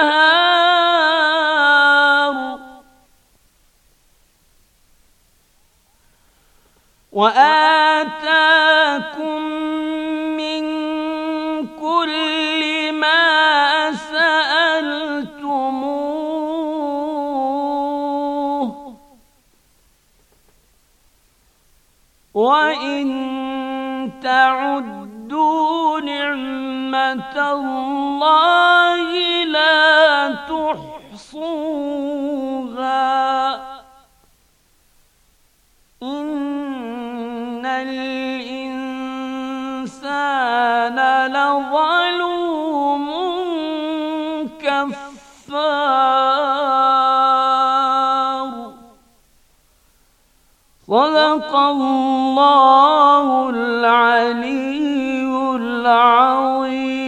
النهار وآتاكم من كل ما سألتموه وإن تعدوا نعمة الله لا تحصوها إن الإنسان لظلوم كفار صدق الله العلي العظيم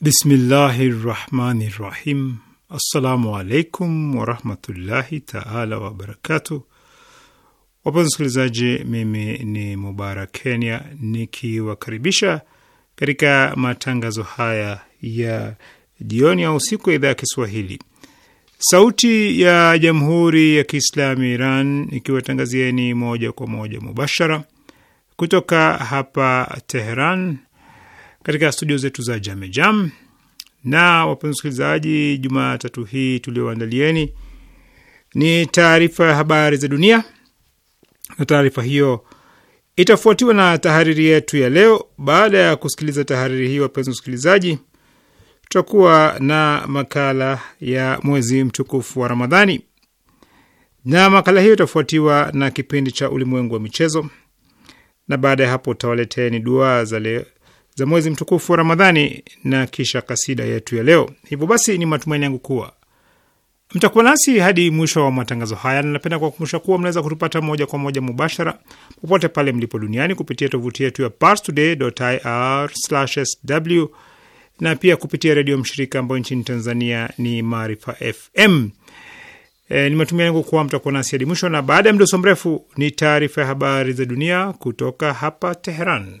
Bismillahi rahmani rahim. Assalamu alaikum warahmatullahi taala wabarakatu. Wapenzi msikilizaji, mimi ni Mubarak Kenya nikiwakaribisha katika matangazo haya ya jioni au usiku ya idhaa ya Kiswahili Sauti ya Jamhuri ya Kiislamu Iran ikiwatangazieni moja kwa moja mubashara kutoka hapa Teheran katika studio zetu za Jamejam. Na wapenzi wasikilizaji, Jumatatu hii tulioandalieni ni taarifa ya habari za dunia, na taarifa hiyo itafuatiwa na tahariri yetu ya leo. Baada ya kusikiliza tahariri hii, wapenzi wasikilizaji, tutakuwa na makala ya mwezi mtukufu wa Ramadhani, na makala hiyo itafuatiwa na kipindi cha ulimwengu wa michezo, na baada ya hapo utawaleteni dua za leo za mwezi mtukufu wa Ramadhani na kisha kasida yetu ya leo. Hivyo basi, ni matumaini yangu kuwa mtakuwa nasi hadi mwisho wa matangazo haya, na napenda kuwakumbusha kuwa mnaweza kutupata moja kwa moja mubashara popote pale mlipo duniani kupitia tovuti yetu ya parstoday.ir/sw na pia kupitia redio mshirika ambayo nchini Tanzania ni Maarifa FM. E, ni matumaini yangu kuwa mtakuwa nasi hadi mwisho, na baada ya mdoso mrefu ni taarifa ya habari za dunia kutoka hapa Teheran.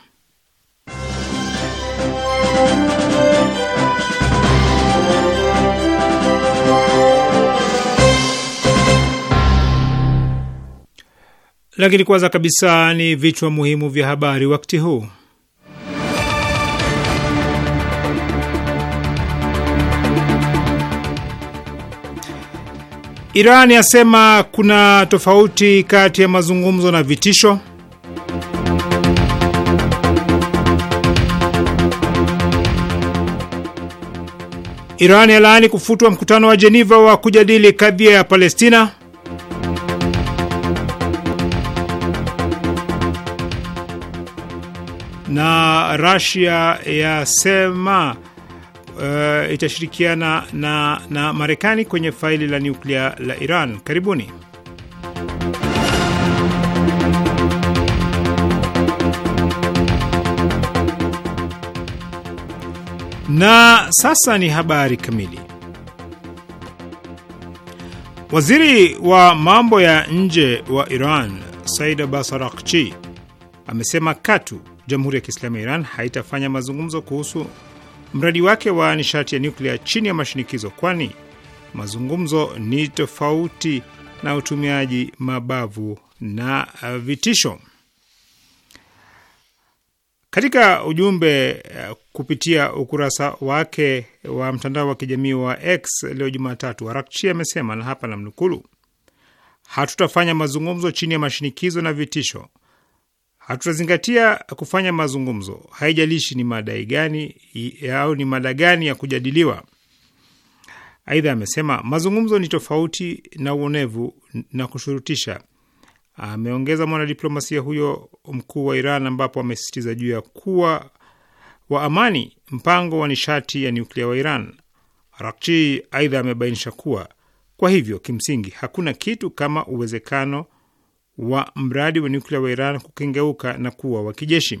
Lakini kwanza kabisa ni vichwa muhimu vya habari wakati huu. Iran yasema kuna tofauti kati ya mazungumzo na vitisho. Iran yalaani kufutwa mkutano wa Jeneva wa kujadili kadhia ya Palestina. na Rasia yasema uh, itashirikiana na, na Marekani kwenye faili la nyuklia la Iran. Karibuni. Na sasa ni habari kamili. Waziri wa mambo ya nje wa Iran Said Abbas Araghchi amesema katu Jamhuri ya Kiislamu ya Iran haitafanya mazungumzo kuhusu mradi wake wa nishati ya nyuklia chini ya mashinikizo, kwani mazungumzo ni tofauti na utumiaji mabavu na vitisho. Katika ujumbe uh, kupitia ukurasa wake wa mtandao wa kijamii wa X leo Jumatatu, Arakchi amesema na hapa namnukulu, hatutafanya mazungumzo chini ya mashinikizo na vitisho hatutazingatia kufanya mazungumzo, haijalishi ni madai gani au ni mada gani ya kujadiliwa. Aidha amesema mazungumzo ni tofauti na uonevu na kushurutisha. Ameongeza mwanadiplomasia huyo mkuu wa Iran, ambapo amesisitiza juu ya kuwa wa amani mpango wa nishati ya nyuklia wa Iran. Rakchi aidha amebainisha kuwa kwa hivyo kimsingi hakuna kitu kama uwezekano wa mradi wa nyuklia wa Iran kukengeuka na kuwa wa kijeshi.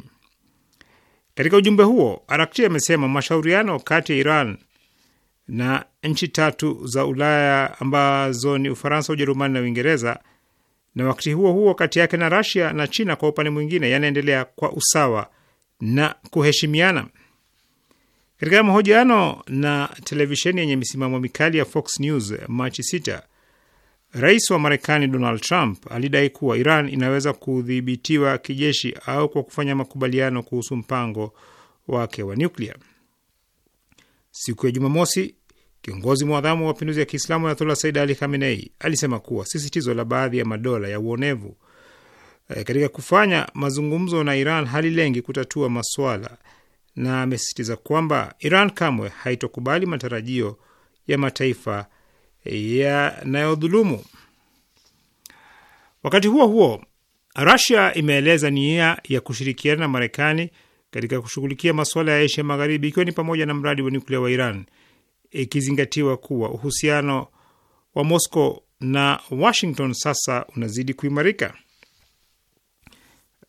Katika ujumbe huo, Arakchi amesema mashauriano kati ya Iran na nchi tatu za Ulaya ambazo ni Ufaransa, Ujerumani na Uingereza, na wakati huo huo kati yake na Rasia na China kwa upande mwingine, yanaendelea kwa usawa na kuheshimiana. Katika mahojiano na televisheni yenye misimamo mikali ya Fox News Machi 6, Rais wa Marekani Donald Trump alidai kuwa Iran inaweza kudhibitiwa kijeshi au kwa kufanya makubaliano kuhusu mpango wake wa nyuklia. Siku ya Jumamosi, kiongozi mwadhamu wa mapinduzi ya Kiislamu Ayatollah Said Ali Khamenei alisema kuwa sisitizo la baadhi ya madola ya uonevu e, katika kufanya mazungumzo na Iran halilengi kutatua maswala, na amesisitiza kwamba Iran kamwe haitokubali matarajio ya mataifa yanayodhulumu. Wakati huo huo, Rasia imeeleza nia ya kushirikiana na Marekani katika kushughulikia masuala ya Asia Magharibi, ikiwa ni pamoja na mradi wa nyuklia wa Iran, ikizingatiwa kuwa uhusiano wa Moscow na Washington sasa unazidi kuimarika.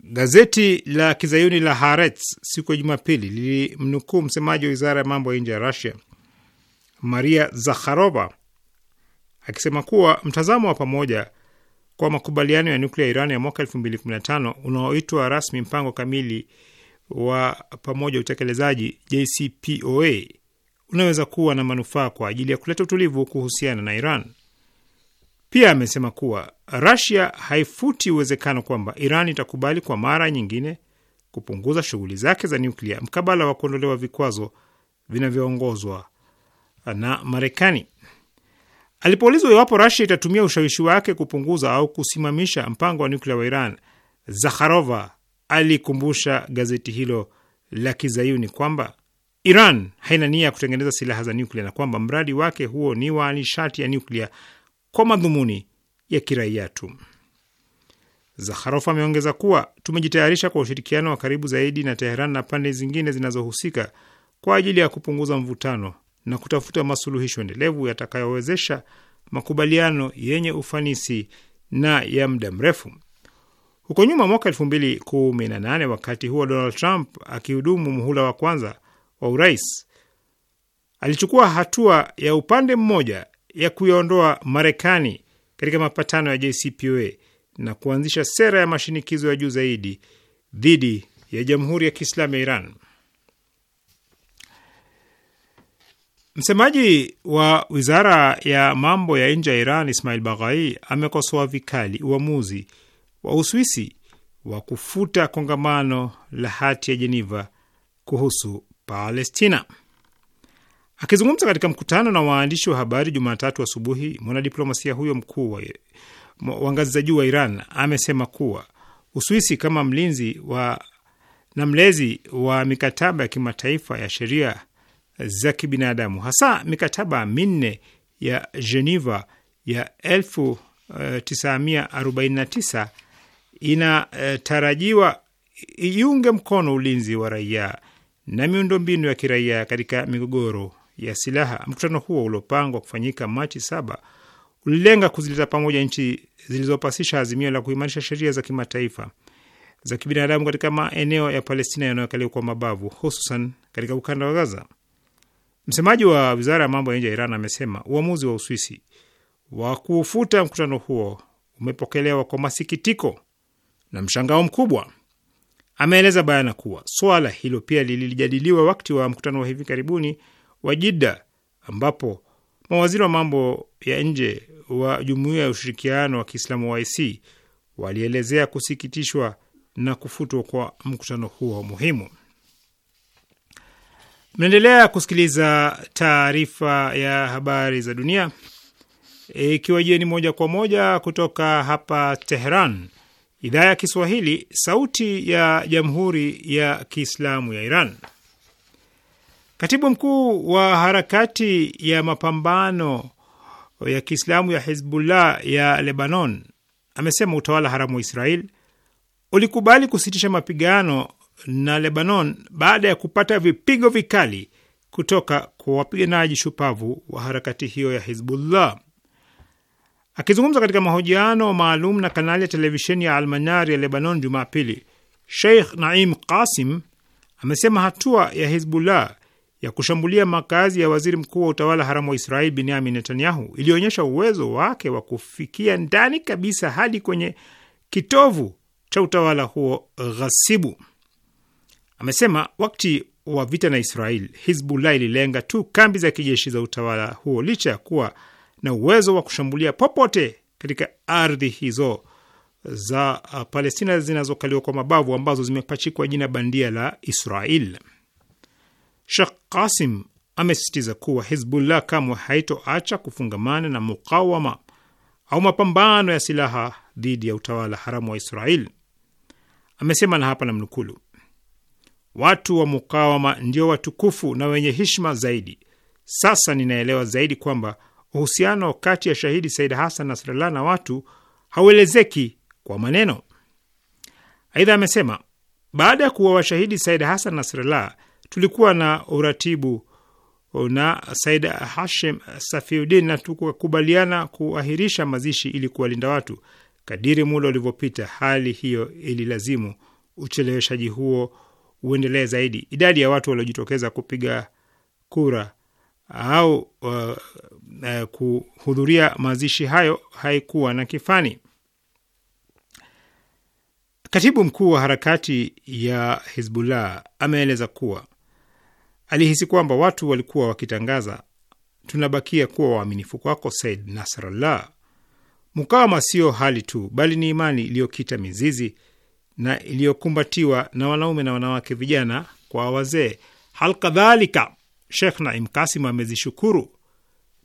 Gazeti la kizayuni la Haaretz siku ya Jumapili lilimnukuu msemaji wa wizara ya mambo ya nje ya Rusia, Maria Zakharova, akisema kuwa mtazamo wa pamoja kwa makubaliano ya nuklia ya Iran ya mwaka 2015 unaoitwa rasmi mpango kamili wa pamoja utekelezaji JCPOA unaweza kuwa na manufaa kwa ajili ya kuleta utulivu kuhusiana na Iran. Pia amesema kuwa Russia haifuti uwezekano kwamba Iran itakubali kwa mara nyingine kupunguza shughuli zake za nyuklia mkabala wa kuondolewa vikwazo vinavyoongozwa na Marekani. Alipoulizwa iwapo Rasia itatumia ushawishi wake kupunguza au kusimamisha mpango wa nyuklia wa Iran, Zakharova alikumbusha gazeti hilo la kizayuni kwamba Iran haina nia ya kutengeneza silaha za nyuklia na kwamba mradi wake huo ni wa nishati ya nyuklia kwa madhumuni ya kiraia tu. Zakharov ameongeza kuwa tumejitayarisha kwa ushirikiano wa karibu zaidi na Teheran na pande zingine zinazohusika kwa ajili ya kupunguza mvutano na kutafuta masuluhisho endelevu yatakayowezesha makubaliano yenye ufanisi na ya muda mrefu. Huko nyuma, mwaka 218 wakati huo Donald Trump akihudumu muhula wa kwanza wa urais alichukua hatua ya upande mmoja ya kuiondoa Marekani katika mapatano ya JCPOA na kuanzisha sera ya mashinikizo ya juu zaidi dhidi ya Jamhuri ya Kiislamu ya Iran. Msemaji wa wizara ya mambo ya nje ya Iran Ismail Baghai amekosoa vikali uamuzi wa Uswisi wa kufuta kongamano la hati ya jeneva kuhusu Palestina. Akizungumza katika mkutano na waandishi wa habari Jumatatu asubuhi, mwanadiplomasia huyo mkuu wa ngazi za juu wa Iran amesema kuwa Uswisi kama mlinzi wa na mlezi wa mikataba ya kimataifa ya sheria za kibinadamu, hasa mikataba minne ya Geneva ya 1949 eh, inatarajiwa iunge mkono ulinzi wa raia na miundombinu ya kiraia katika migogoro ya silaha. Mkutano huo uliopangwa kufanyika Machi saba ulilenga kuzileta pamoja nchi zilizopasisha azimio la kuimarisha sheria za kimataifa za kibinadamu katika maeneo ya Palestina yanayokaliwa kwa mabavu, hususan katika ukanda wa Gaza. Msemaji wa wizara ya mambo ya nje ya Iran amesema uamuzi wa Uswisi wa kuufuta mkutano huo umepokelewa kwa masikitiko na mshangao mkubwa. Ameeleza bayana kuwa swala hilo pia lilijadiliwa wakati wa mkutano wa hivi karibuni wa Jidda, ambapo mawaziri wa mambo ya nje wa Jumuiya ya Ushirikiano wa Kiislamu OIC walielezea kusikitishwa na kufutwa kwa mkutano huo muhimu. Mnaendelea kusikiliza taarifa ya habari za dunia ikiwa e, jieni moja kwa moja kutoka hapa Tehran, idhaa ya Kiswahili, sauti ya jamhuri ya kiislamu ya Iran. Katibu mkuu wa harakati ya mapambano ya kiislamu ya Hizbullah ya Lebanon amesema utawala haramu wa Israel ulikubali kusitisha mapigano na Lebanon baada ya kupata vipigo vikali kutoka kwa wapiganaji shupavu wa harakati hiyo ya Hizbullah. Akizungumza katika mahojiano maalum na kanali ya televisheni ya Almanar ya Lebanon Jumapili, Sheikh Naim Qasim amesema hatua ya Hizbullah ya kushambulia makazi ya waziri mkuu wa utawala haramu wa Israeli binyamin Netanyahu ilionyesha uwezo wake wa kufikia ndani kabisa hadi kwenye kitovu cha utawala huo ghasibu. Amesema wakati wa vita na Israel, Hizbullah ililenga tu kambi za kijeshi za utawala huo licha ya kuwa na uwezo wa kushambulia popote katika ardhi hizo za uh, Palestina zinazokaliwa kwa mabavu ambazo zimepachikwa jina bandia la Israel. shekh kasim amesisitiza kuwa Hizbullah kamwe haitoacha kufungamana na mukawama au mapambano ya silaha dhidi ya utawala haramu wa Israel. Amesema na hapa namnukulu: Watu wa mukawama ndio watukufu na wenye hishma zaidi. Sasa ninaelewa zaidi kwamba uhusiano kati ya shahidi Said Hasan Nasrallah na watu hauelezeki kwa maneno. Aidha amesema baada ya kuwa washahidi Said Hasan Nasrallah, tulikuwa na uratibu na Said Hashim Safiuddin na tukakubaliana kuahirisha mazishi ili kuwalinda watu. Kadiri muda ulivyopita, hali hiyo ililazimu ucheleweshaji huo uendelee zaidi. Idadi ya watu waliojitokeza kupiga kura au uh, uh, kuhudhuria mazishi hayo haikuwa na kifani. Katibu mkuu wa harakati ya Hizbullah ameeleza kuwa alihisi kwamba watu walikuwa wakitangaza, tunabakia kuwa waaminifu kwako Said Nasrallah. Mukawama sio hali tu, bali ni imani iliyokita mizizi na iliyokumbatiwa na wanaume na wanawake, vijana kwa wazee. Halkadhalika, Shekh Naim Kasim amezishukuru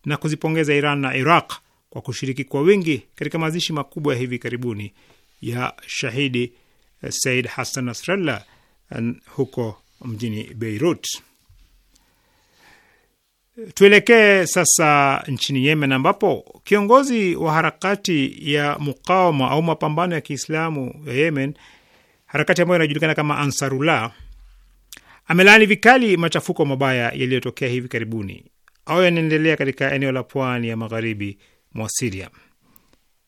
na kuzipongeza Iran na Iraq kwa kushiriki kwa wingi katika mazishi makubwa ya hivi karibuni ya shahidi eh, Said Hassan Nasrallah eh, huko mjini Beirut. Tuelekee sasa nchini Yemen ambapo kiongozi wa harakati ya mukawama au mapambano ya Kiislamu ya Yemen harakati ambayo inajulikana kama Ansarullah amelaani vikali machafuko mabaya yaliyotokea hivi karibuni au yanaendelea katika eneo la pwani ya magharibi mwa Siria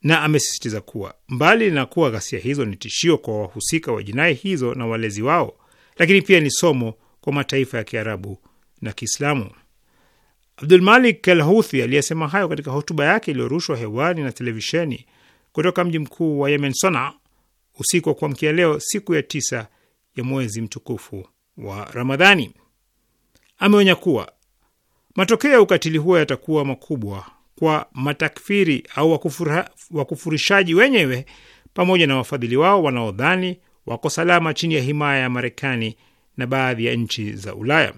na amesisitiza kuwa mbali na kuwa ghasia hizo ni tishio kwa wahusika wa jinai hizo na walezi wao, lakini pia ni somo kwa mataifa ya Kiarabu na Kiislamu. Abdulmalik Al aliyesema hayo katika hotuba yake iliyorushwa hewani na televisheni kutoka mji mkuu wa Yemen, Sanaa, usiku wa kuamkia leo, siku ya tisa ya mwezi mtukufu wa Ramadhani. Ameonya kuwa matokeo ya ukatili huo yatakuwa makubwa kwa matakfiri au wakufurishaji wenyewe pamoja na wafadhili wao wanaodhani wako salama chini ya himaya ya Marekani na baadhi ya nchi za Ulaya.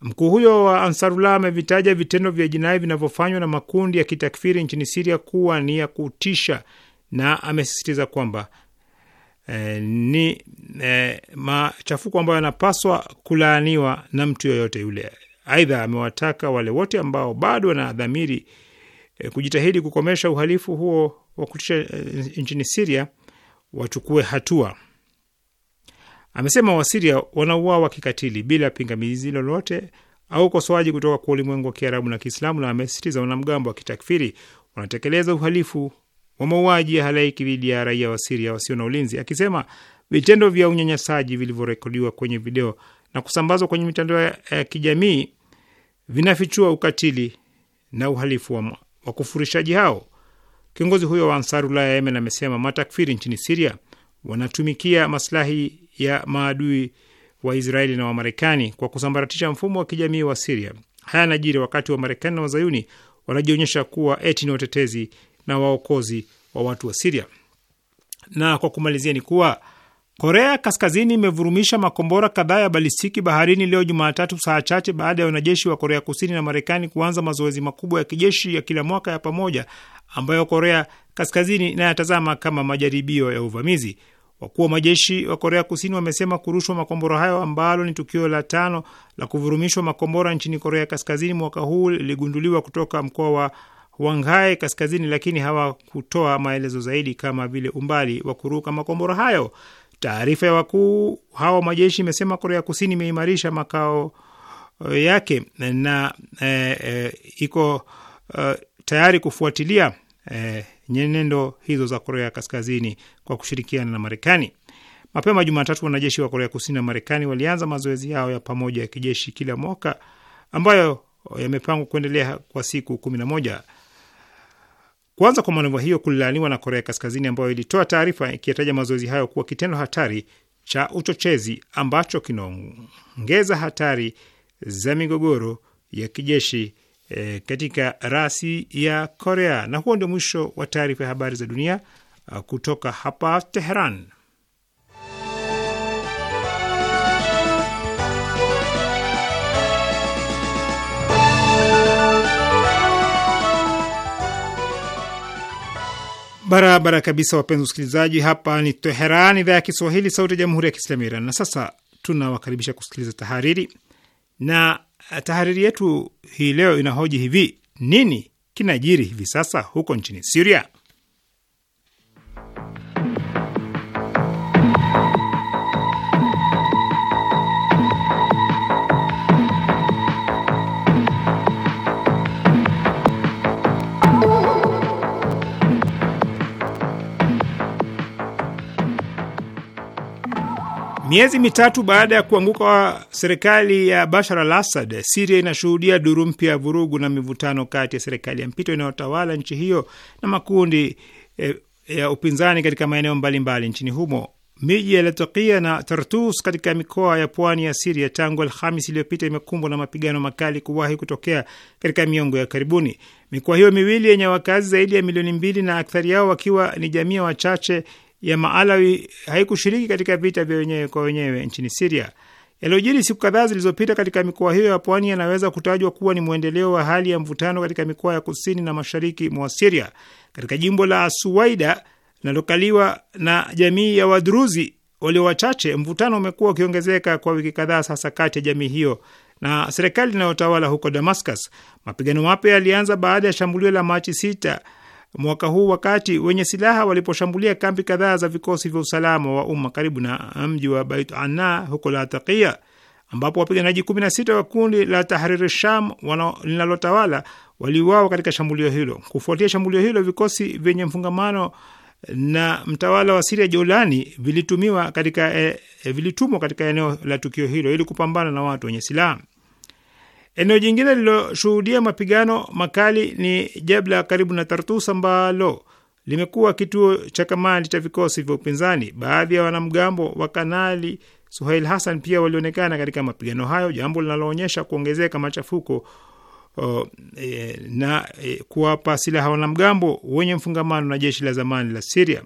Mkuu huyo wa Ansarullah amevitaja vitendo vya jinai vinavyofanywa na makundi ya kitakfiri nchini Siria kuwa ni ya kutisha na amesisitiza kwamba eh, ni eh, machafuko ambayo yanapaswa kulaaniwa na mtu yoyote yule. Aidha, amewataka wale wote ambao bado wana dhamiri eh, kujitahidi kukomesha uhalifu huo wa kutisha eh, nchini Siria wachukue hatua. Amesema Wasiria wanauawa kikatili bila pingamizi lolote au ukosoaji kutoka kwa ulimwengu wa Kiarabu na Kiislamu, na amesisitiza wanamgambo wa kitakfiri wanatekeleza uhalifu wa mauaji ya halaiki dhidi ya raia wa Siria wasio na ulinzi, akisema vitendo vya unyanyasaji vilivyorekodiwa kwenye video na kusambazwa kwenye mitandao ya kijamii vinafichua ukatili na uhalifu wa wakufurishaji hao. Kiongozi huyo wa Ansar Ulaya ya Yemen amesema matakfiri nchini Siria wanatumikia maslahi ya maadui wa Israeli na Wamarekani kwa kusambaratisha mfumo wa kijamii wa Siria. Haya yanajiri wakati wa Marekani na Wazayuni wanajionyesha kuwa eti ni watetezi na waokozi wa watu wa Siria. Na kwa kumalizia ni kuwa Korea Kaskazini imevurumisha makombora kadhaa ya balistiki baharini leo Jumatatu, saa chache baada ya wanajeshi wa Korea Kusini na Marekani kuanza mazoezi makubwa ya kijeshi ya kila mwaka ya pamoja ambayo Korea Kaskazini inayatazama kama majaribio ya uvamizi. Wakuu wa majeshi wa Korea Kusini wamesema kurushwa makombora hayo ambalo ni tukio la tano la kuvurumishwa makombora nchini Korea Kaskazini mwaka huu liligunduliwa kutoka mkoa wa Wangae kaskazini, lakini hawakutoa maelezo zaidi kama vile umbali wa kuruka makombora hayo. Taarifa ya wakuu hawa majeshi imesema Korea Kusini imeimarisha makao eh, yake na e, e, iko e, tayari kufuatilia e, nyenendo hizo za Korea Kaskazini kwa kushirikiana na Marekani. Mapema Jumatatu, wanajeshi wa Korea Kusini na Marekani walianza mazoezi yao ya pamoja ya kijeshi kila mwaka ambayo yamepangwa kuendelea kwa siku kumi na moja. Kuanza kwa maneva hiyo kulilaaniwa na Korea Kaskazini ambayo ilitoa taarifa ikiyataja mazoezi hayo kuwa kitendo hatari cha uchochezi ambacho kinaongeza hatari za migogoro ya kijeshi e, katika rasi ya Korea. Na huo ndio mwisho wa taarifa ya habari za dunia eh, kutoka hapa Teheran. Barabara kabisa, wapenzi wasikilizaji, hapa ni Teheran, idhaa ya Kiswahili, sauti ya jamhuri ya kiislamu ya Iran. Na sasa tunawakaribisha kusikiliza tahariri, na eh, tahariri yetu hii leo inahoji hivi: nini kinajiri hivi sasa huko nchini Siria? Miezi mitatu baada ya kuanguka serikali ya Bashar al Assad, Siria inashuhudia duru mpya ya vurugu na mivutano kati ya serikali ya mpito inayotawala nchi hiyo na makundi e, ya upinzani katika maeneo mbalimbali nchini humo. Miji ya Latakia na Tartus katika mikoa ya pwani ya Siria tangu Alhamis iliyopita imekumbwa na mapigano makali kuwahi kutokea katika miongo ya karibuni. Mikoa hiyo miwili yenye wakazi zaidi ya milioni mbili na akthari yao wakiwa ni jamii wachache ya Maalawi haikushiriki katika vita vya wenyewe kwa wenyewe nchini Siria. Yaliyojiri siku kadhaa zilizopita katika mikoa hiyo ya pwani yanaweza kutajwa kuwa ni mwendeleo wa hali ya mvutano katika mikoa ya kusini na mashariki mwa Siria. Katika jimbo la Suwaida linalokaliwa na jamii ya Wadruzi walio wachache, mvutano umekuwa ukiongezeka kwa wiki kadhaa sasa kati ya jamii hiyo na serikali inayotawala huko Damascus. Mapigano mapya yalianza baada ya shambulio la Machi sita mwaka huu wakati wenye silaha waliposhambulia kambi kadhaa za vikosi vya usalama wa umma karibu na mji wa Bait Ana huko Latakia, ambapo wapiganaji 16 wa kundi la Tahriri Sham linalotawala waliuawa katika shambulio hilo. Kufuatia shambulio hilo, vikosi vyenye mfungamano na mtawala wa Siria Jolani vilitumiwa katika, e, vilitumwa katika eneo la tukio hilo ili kupambana na watu wenye silaha. Eneo jingine lililoshuhudia mapigano makali ni Jebla karibu na Tartus ambalo limekuwa kituo cha kamandi cha vikosi vya upinzani. Baadhi ya wanamgambo wa Kanali Suhail Hassan pia walionekana katika mapigano hayo, jambo linaloonyesha kuongezeka machafuko o, e, na e, kuwapa silaha wanamgambo wenye mfungamano na jeshi la zamani la Siria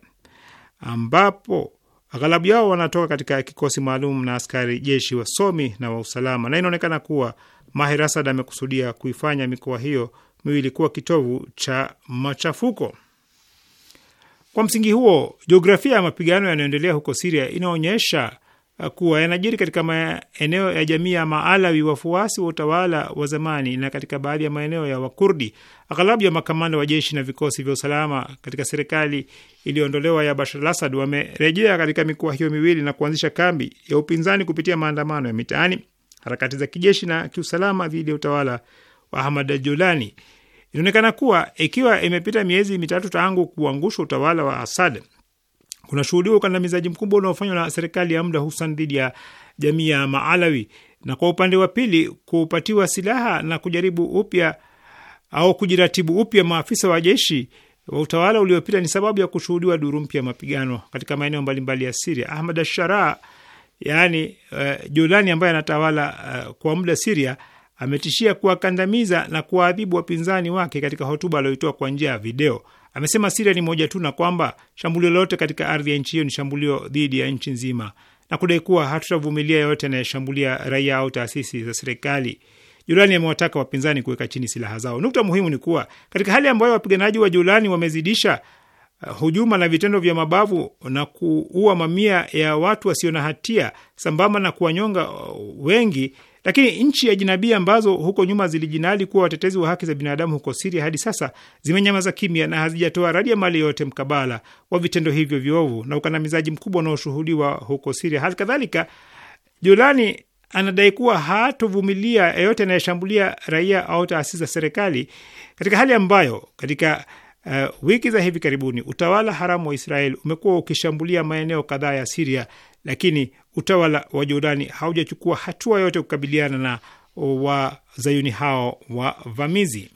ambapo Aghalabu yao wanatoka katika kikosi maalum na askari jeshi wasomi na wa usalama, na inaonekana kuwa Maher Asad amekusudia kuifanya mikoa hiyo miwili kuwa kitovu cha machafuko. Kwa msingi huo, jiografia ya mapigano yanayoendelea huko Siria inaonyesha Eh, kuwa yanajiri katika maeneo ya jamii ya Maalawi, wafuasi wa utawala wa zamani, na katika baadhi ya maeneo ya Wakurdi. Aghalabu ya makamanda wa jeshi na vikosi vya usalama katika serikali iliyoondolewa ya Bashar al Asad wamerejea katika mikoa hiyo miwili na kuanzisha kambi ya upinzani kupitia maandamano ya mitaani, harakati za kijeshi na kiusalama dhidi ya utawala wa Ahmad Julani. Inaonekana kuwa ikiwa imepita miezi mitatu tangu kuangushwa utawala wa Asad kunashuhudiwa ukandamizaji mkubwa unaofanywa na serikali ya muda hususan dhidi ya jamii ya Maalawi, na kwa upande wa pili kupatiwa silaha na kujaribu upya au kujiratibu upya maafisa wa jeshi wa utawala uliopita ni sababu ya kushuhudiwa duru mpya ya mapigano katika maeneo mbalimbali ya Siria. Ahmad Ashara, yani uh, eh, Jolani ambaye anatawala uh, kwa muda Siria ametishia kuwakandamiza na kuwaadhibu wapinzani wake katika hotuba aliyoitoa kwa njia ya video. Amesema Siria ni moja tu na kwamba shambulio lolote katika ardhi ya nchi hiyo ni shambulio dhidi ya nchi nzima na kudai kuwa hatutavumilia yoyote anayeshambulia raia au taasisi za serikali. Julani amewataka wapinzani kuweka chini silaha zao. Nukta muhimu ni kuwa katika hali ambayo wapiganaji wa Julani wamezidisha uh, hujuma na vitendo vya mabavu na kuua mamia ya watu wasio na hatia sambamba na kuwanyonga uh, wengi lakini nchi ya jinabii ambazo huko nyuma zilijinadi kuwa watetezi wa haki za binadamu huko Siria hadi sasa zimenyamaza kimya na hazijatoa radi ya mali yoyote mkabala wa vitendo hivyo viovu na ukandamizaji mkubwa unaoshuhudiwa huko Siria. Hali kadhalika, Julani anadai kuwa hatovumilia yeyote anayeshambulia raia au taasisi za serikali katika hali ambayo katika Uh, wiki za hivi karibuni utawala haramu wa Israel umekuwa ukishambulia maeneo kadhaa ya Siria, lakini utawala wa Jordani haujachukua hatua yote kukabiliana na wazayuni hao wavamizi.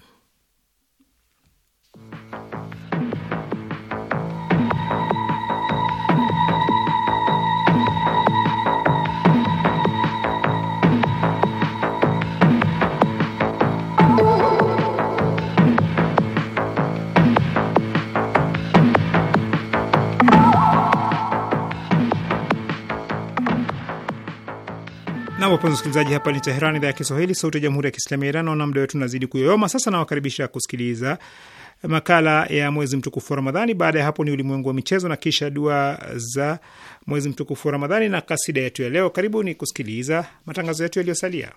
Nam, wapenzi wasikilizaji, hapa ni Teheran, idhaa ya Kiswahili, sauti ya jamhuri ya kiislamu ya Iran. Naona muda wetu unazidi kuyoyoma, sasa nawakaribisha kusikiliza makala ya mwezi mtukufu wa Ramadhani. Baada ya hapo ni ulimwengu wa michezo na kisha dua za mwezi mtukufu wa Ramadhani na kasida yetu ya leo. Karibuni kusikiliza matangazo yetu yaliyosalia.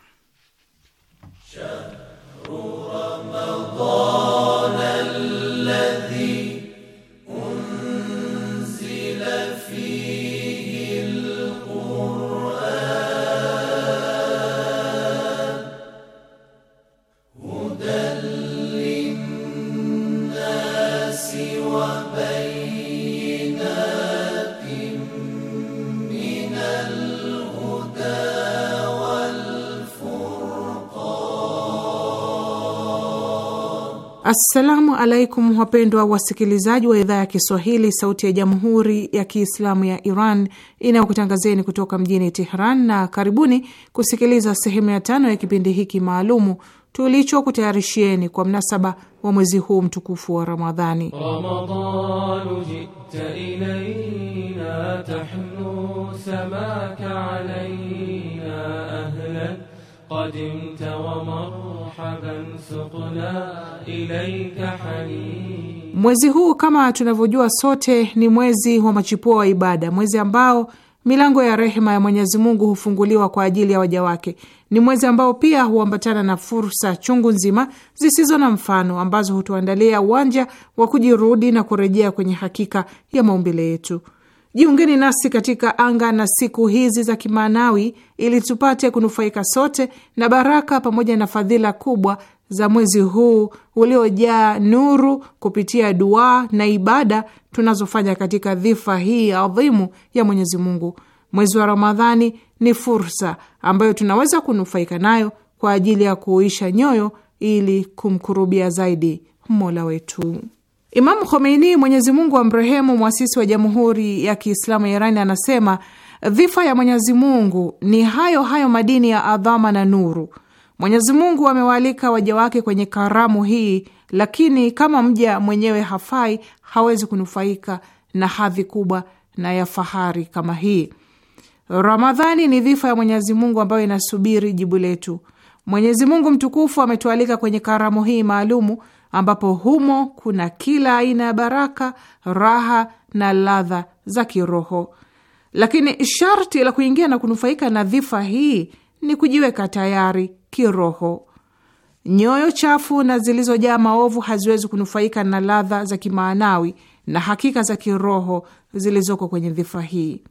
Assalamu alaikum, wapendwa wasikilizaji wa idhaa ya Kiswahili, sauti ya jamhuri ya kiislamu ya Iran inayokutangazeni kutoka mjini Tehran, na karibuni kusikiliza sehemu ya tano ya kipindi hiki maalumu tulichokutayarishieni kwa mnasaba wa mwezi huu mtukufu wa Ramadhani. قدمت ومرحبا سقنا ilaika حنين. Mwezi huu kama tunavyojua sote ni mwezi wa machipuo wa ibada, mwezi ambao milango ya rehema ya Mwenyezi Mungu hufunguliwa kwa ajili ya waja wake. Ni mwezi ambao pia huambatana na fursa chungu nzima zisizo na mfano ambazo hutuandalia uwanja wa kujirudi na kurejea kwenye hakika ya maumbile yetu. Jiungeni nasi katika anga na siku hizi za kimaanawi ili tupate kunufaika sote na baraka pamoja na fadhila kubwa za mwezi huu uliojaa nuru kupitia duaa na ibada tunazofanya katika dhifa hii adhimu ya Mwenyezi Mungu. Mwezi wa Ramadhani ni fursa ambayo tunaweza kunufaika nayo kwa ajili ya kuuisha nyoyo ili kumkurubia zaidi Mola wetu. Imamu Khomeini, Mwenyezi Mungu mrehemu, mwasisi wa Jamhuri ya Kiislamu ya Irani, anasema dhifa ya Mwenyezi Mungu ni hayo hayo madini ya adhama na nuru. Mwenyezi Mungu amewaalika waja wake kwenye karamu hii, lakini kama mja mwenyewe hafai, hawezi kunufaika na hadhi kubwa na ya fahari kama hii. Ramadhani ni dhifa ya Mwenyezi Mungu ambayo inasubiri jibu letu. Mwenyezi Mungu mtukufu ametualika kwenye karamu hii maalumu ambapo humo kuna kila aina ya baraka, raha na ladha za kiroho. Lakini sharti la kuingia na kunufaika na dhifa hii ni kujiweka tayari kiroho. Nyoyo chafu na zilizojaa maovu haziwezi kunufaika na ladha za kimaanawi na hakika za kiroho zilizoko kwenye dhifa hii.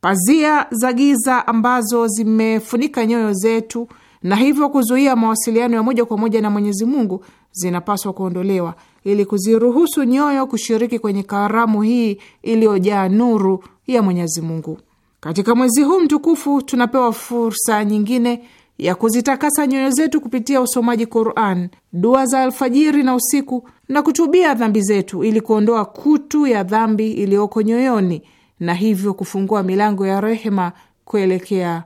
Pazia za giza ambazo zimefunika nyoyo zetu na hivyo kuzuia mawasiliano ya moja kwa moja na Mwenyezi Mungu zinapaswa kuondolewa ili kuziruhusu nyoyo kushiriki kwenye karamu hii iliyojaa nuru ya Mwenyezi Mungu. Katika mwezi huu mtukufu tunapewa fursa nyingine ya kuzitakasa nyoyo zetu kupitia usomaji Quran, dua za alfajiri na usiku, na kutubia dhambi zetu ili kuondoa kutu ya dhambi iliyoko nyoyoni na hivyo kufungua milango ya rehema kuelekea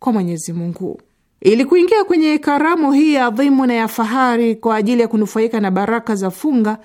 kwa Mwenyezi Mungu. Ili kuingia kwenye karamu hii adhimu na ya fahari kwa ajili ya kunufaika na baraka za funga,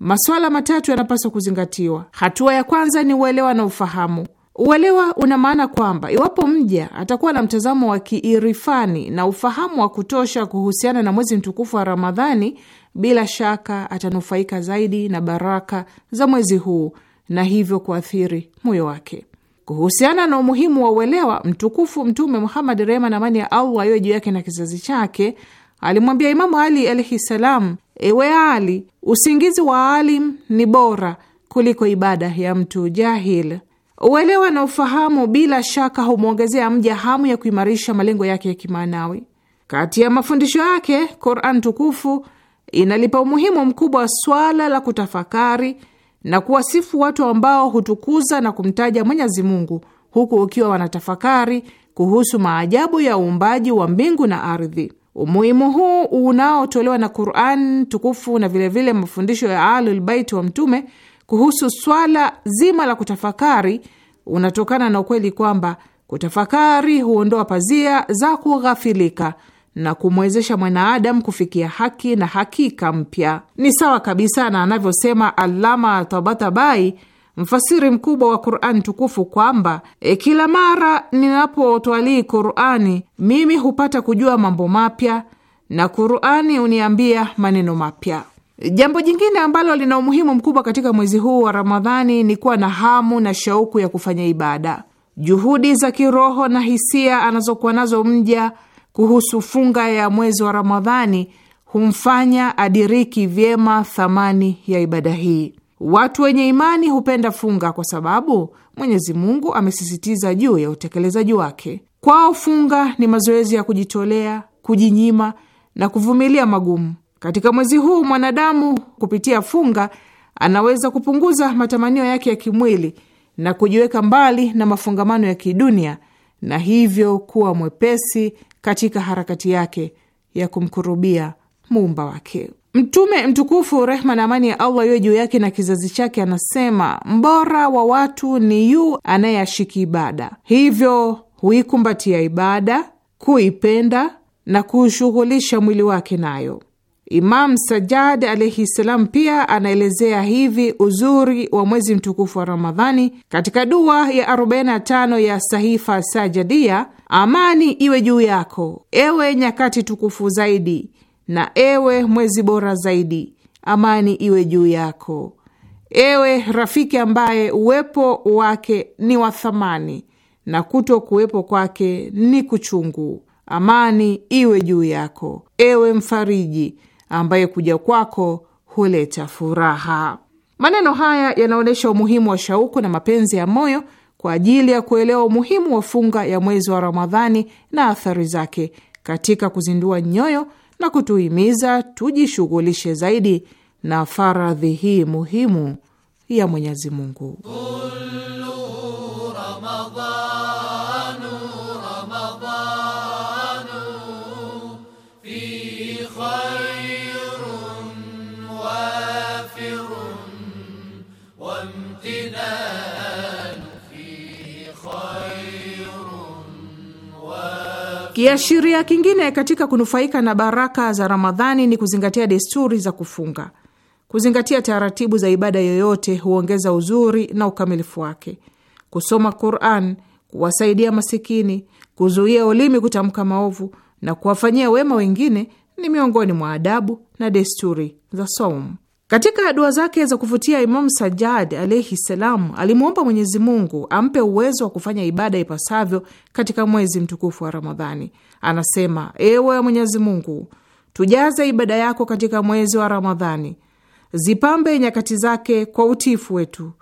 maswala matatu yanapaswa kuzingatiwa. Hatua ya kwanza ni uelewa na ufahamu. Uelewa una maana kwamba iwapo mja atakuwa na mtazamo wa kiirifani na ufahamu wa kutosha kuhusiana na mwezi mtukufu wa Ramadhani, bila shaka atanufaika zaidi na baraka za mwezi huu na hivyo kuathiri moyo wake. Kuhusiana na umuhimu wa uelewa, mtukufu Mtume Muhammad, rehma na amani ya Allah iwe juu yake na kizazi chake, alimwambia Imamu Ali alaihi salam, ewe Ali, usingizi wa alim ni bora kuliko ibada ya mtu jahil. Uelewa na ufahamu bila shaka humwongezea mja hamu ya kuimarisha malengo yake ya kimaanawi. Kati ya mafundisho yake, Quran tukufu inalipa umuhimu mkubwa wa swala la kutafakari na kuwasifu watu ambao hutukuza na kumtaja Mwenyezi Mungu huku ukiwa wanatafakari kuhusu maajabu ya uumbaji wa mbingu na ardhi. Umuhimu huu unaotolewa na Quran tukufu na vilevile vile mafundisho ya bait wa Mtume kuhusu swala zima la kutafakari unatokana na ukweli kwamba kutafakari huondoa pazia za kughafilika na kumwezesha mwanaadamu kufikia haki na hakika mpya. Ni sawa kabisa na anavyosema Allama Tabatabai, mfasiri mkubwa wa Qurani tukufu kwamba e, kila mara ninapotwalii Qurani mimi hupata kujua mambo mapya na Qurani huniambia maneno mapya. Jambo jingine ambalo lina umuhimu mkubwa katika mwezi huu wa Ramadhani ni kuwa na hamu na shauku ya kufanya ibada. Juhudi za kiroho na hisia anazokuwa nazo mja kuhusu funga ya mwezi wa Ramadhani humfanya adiriki vyema thamani ya ibada hii. Watu wenye imani hupenda funga kwa sababu Mwenyezi Mungu amesisitiza juu ya utekelezaji wake. Kwao funga ni mazoezi ya kujitolea, kujinyima na kuvumilia magumu. Katika mwezi huu mwanadamu kupitia funga anaweza kupunguza matamanio yake ya kimwili na kujiweka mbali na mafungamano ya kidunia na hivyo kuwa mwepesi katika harakati yake ya kumkurubia muumba wake. Mtume mtukufu, rehma na amani ya Allah iwe juu yake na kizazi chake, anasema mbora wa watu ni yu anayeashiki ibada, hivyo huikumbatia ibada, kuipenda na kuushughulisha mwili wake nayo. Imam Sajad alaihi ssalam pia anaelezea hivi uzuri wa mwezi mtukufu wa Ramadhani katika dua ya 45 ya Sahifa Sajadia: amani iwe juu yako, ewe nyakati tukufu zaidi, na ewe mwezi bora zaidi, amani iwe juu yako, ewe rafiki ambaye uwepo wake ni wa thamani na kuto kuwepo kwake ni kuchungu, amani iwe juu yako, ewe mfariji ambaye kuja kwako huleta furaha. Maneno haya yanaonyesha umuhimu wa shauku na mapenzi ya moyo kwa ajili ya kuelewa umuhimu wa funga ya mwezi wa Ramadhani na athari zake katika kuzindua nyoyo na kutuhimiza tujishughulishe zaidi na faradhi hii muhimu ya Mwenyezi Mungu. Kiashiria kingine katika kunufaika na baraka za Ramadhani ni kuzingatia desturi za kufunga. Kuzingatia taratibu za ibada yoyote huongeza uzuri na ukamilifu wake. Kusoma Quran, kuwasaidia masikini, kuzuia ulimi kutamka maovu na kuwafanyia wema wengine ni miongoni mwa adabu na desturi za somu. Katika dua zake za kuvutia Imam Sajad alaihi salam alimwomba Mwenyezi Mungu ampe uwezo wa kufanya ibada ipasavyo katika mwezi mtukufu wa Ramadhani. Anasema: ewe Mwenyezi Mungu, tujaze ibada yako katika mwezi wa Ramadhani, zipambe nyakati zake kwa utiifu wetu,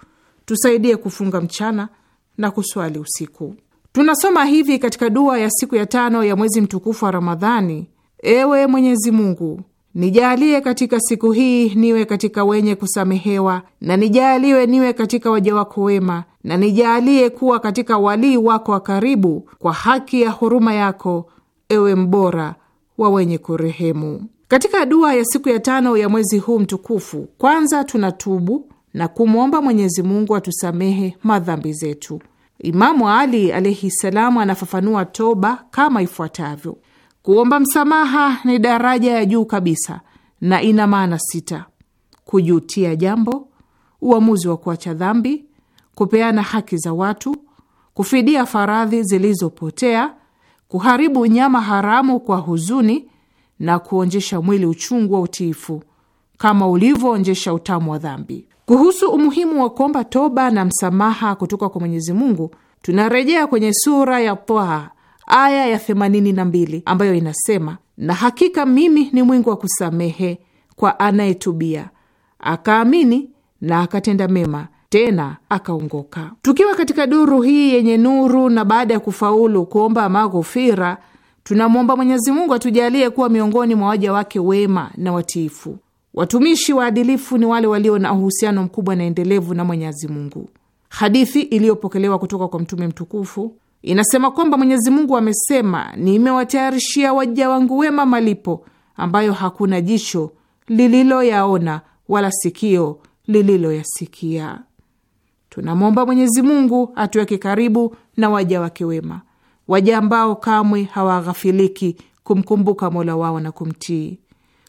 tusaidie kufunga mchana na kuswali usiku. Tunasoma hivi katika dua ya siku ya tano ya mwezi mtukufu wa Ramadhani: ewe Mwenyezi Mungu, Nijaaliye katika siku hii niwe katika wenye kusamehewa, na nijaaliwe niwe katika waja wako wema, na nijaaliye kuwa katika walii wako wa karibu, kwa haki ya huruma yako, ewe mbora wa wenye kurehemu. Katika dua ya siku ya tano ya mwezi huu mtukufu, kwanza tunatubu na kumwomba Mwenyezi Mungu atusamehe madhambi zetu. Imamu Ali alaihi salamu anafafanua toba kama ifuatavyo: Kuomba msamaha ni daraja ya juu kabisa na ina maana sita: kujutia jambo, uamuzi wa kuacha dhambi, kupeana haki za watu, kufidia faradhi zilizopotea, kuharibu nyama haramu kwa huzuni na kuonjesha mwili uchungu wa utiifu kama ulivyoonjesha utamu wa dhambi. Kuhusu umuhimu wa kuomba toba na msamaha kutoka kwa Mwenyezi Mungu, tunarejea kwenye sura ya Twaha aya ya 82 ambayo inasema, na hakika mimi ni mwingi wa kusamehe kwa anayetubia akaamini na akatenda mema tena akaongoka. Tukiwa katika duru hii yenye nuru na baada ya kufaulu kuomba maghofira, tunamwomba Mwenyezi Mungu atujalie kuwa miongoni mwa waja wake wema na watiifu. Watumishi waadilifu ni wale walio na uhusiano mkubwa na endelevu na Mwenyezi Mungu. Hadithi iliyopokelewa kutoka kwa Mtume mtukufu inasema kwamba Mwenyezi Mungu amesema, nimewatayarishia waja wangu wema malipo ambayo hakuna jicho lililoyaona wala sikio lililoyasikia. Tunamwomba Mwenyezi Mungu atuweke karibu na waja wake wema, waja ambao kamwe hawaghafiliki kumkumbuka mola wao na kumtii,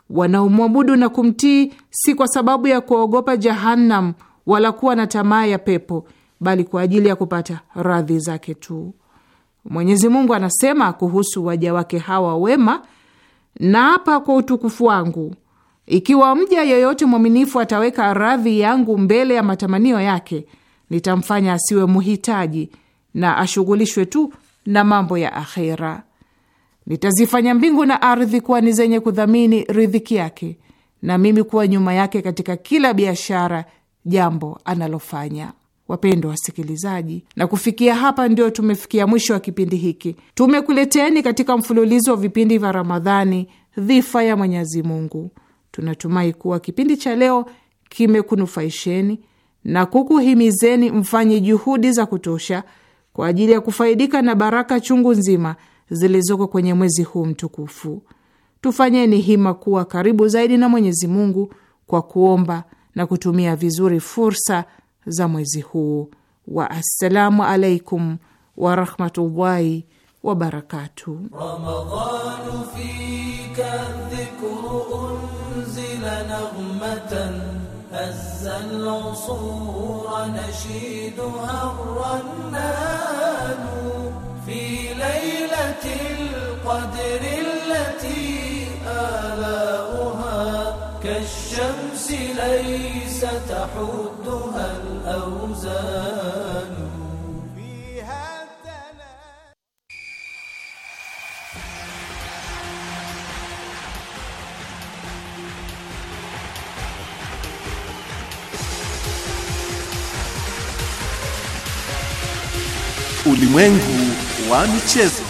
wanaomwabudu na kumtii si kwa sababu ya kuogopa Jahannam wala kuwa na tamaa ya pepo, bali kwa ajili ya kupata radhi zake tu. Mwenyezi Mungu anasema kuhusu waja wake hawa wema: naapa kwa utukufu wangu, ikiwa mja yeyote mwaminifu ataweka radhi yangu mbele ya matamanio yake, nitamfanya asiwe muhitaji na ashughulishwe tu na mambo ya akhera. Nitazifanya mbingu na ardhi kuwa ni zenye kudhamini ridhiki yake, na mimi kuwa nyuma yake katika kila biashara, jambo analofanya wapendwa wasikilizaji, na kufikia hapa ndio tumefikia mwisho wa kipindi hiki. Tumekuleteni katika mfululizo wa vipindi vya Ramadhani, dhifa ya Mwenyezi Mungu. Tunatumai kuwa kipindi cha leo kimekunufaisheni na kukuhimizeni mfanye juhudi za kutosha kwa ajili ya kufaidika na baraka chungu nzima zilizoko kwenye mwezi huu mtukufu. Tufanyeni hima kuwa karibu zaidi na Mwenyezi Mungu kwa kuomba na kutumia vizuri fursa za mwezi huu wa assalamu alaikum warahmatullahi wabarakatu. الشمس ليس تحدها الأوزان Ulimwengu wa michezo.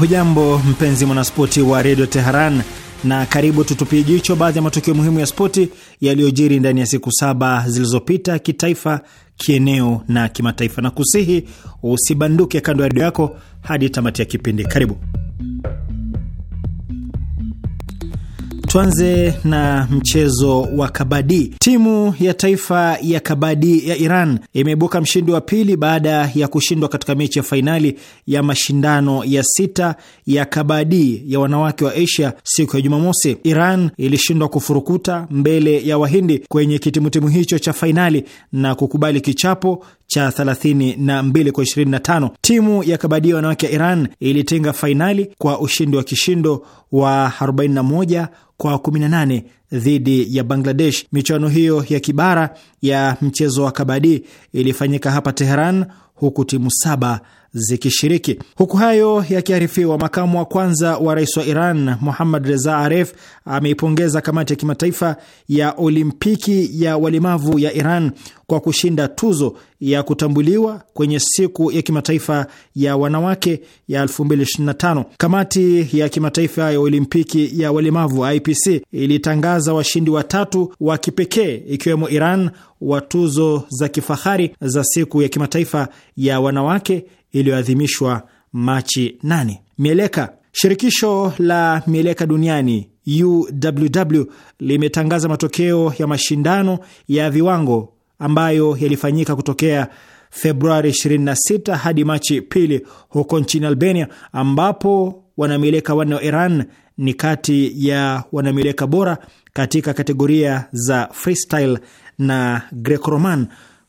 Hujambo mpenzi mwanaspoti wa redio Teheran na karibu tutupie jicho baadhi ya matukio muhimu ya spoti yaliyojiri ndani ya siku saba zilizopita, kitaifa, kieneo na kimataifa, na kusihi usibanduke kando ya redio yako hadi tamati ya kipindi. Karibu. Tuanze na mchezo wa kabadi. Timu ya taifa ya kabadi ya Iran imeibuka mshindi wa pili baada ya kushindwa katika mechi ya fainali ya mashindano ya sita ya kabadi ya wanawake wa Asia siku ya Jumamosi. Iran ilishindwa kufurukuta mbele ya Wahindi kwenye kitimutimu hicho cha fainali na kukubali kichapo cha 32 kwa 25. Timu ya kabadi wanawake ya Iran ilitinga fainali kwa ushindi wa kishindo wa 41 kwa 18 dhidi ya Bangladesh. Michuano hiyo ya kibara ya mchezo wa kabadi ilifanyika hapa Teheran, huku timu saba zikishiriki. Huku hayo yakiarifiwa, makamu wa kwanza wa rais wa Iran Muhammad Reza Aref ameipongeza kamati ya kimataifa ya olimpiki ya walemavu ya Iran kwa kushinda tuzo ya kutambuliwa kwenye siku ya kimataifa ya wanawake ya 2025. Kamati ya kimataifa ya olimpiki ya walemavu IPC ilitangaza washindi watatu wa kipekee ikiwemo Iran wa tuzo za kifahari za siku ya kimataifa ya wanawake iliyoadhimishwa Machi 8. Mieleka. Shirikisho la mieleka duniani UWW limetangaza matokeo ya mashindano ya viwango ambayo yalifanyika kutokea Februari 26 hadi Machi pili huko nchini Albania, ambapo wanamieleka wanne wa Iran ni kati ya wanamieleka bora katika kategoria za freestyle na Greco-Roman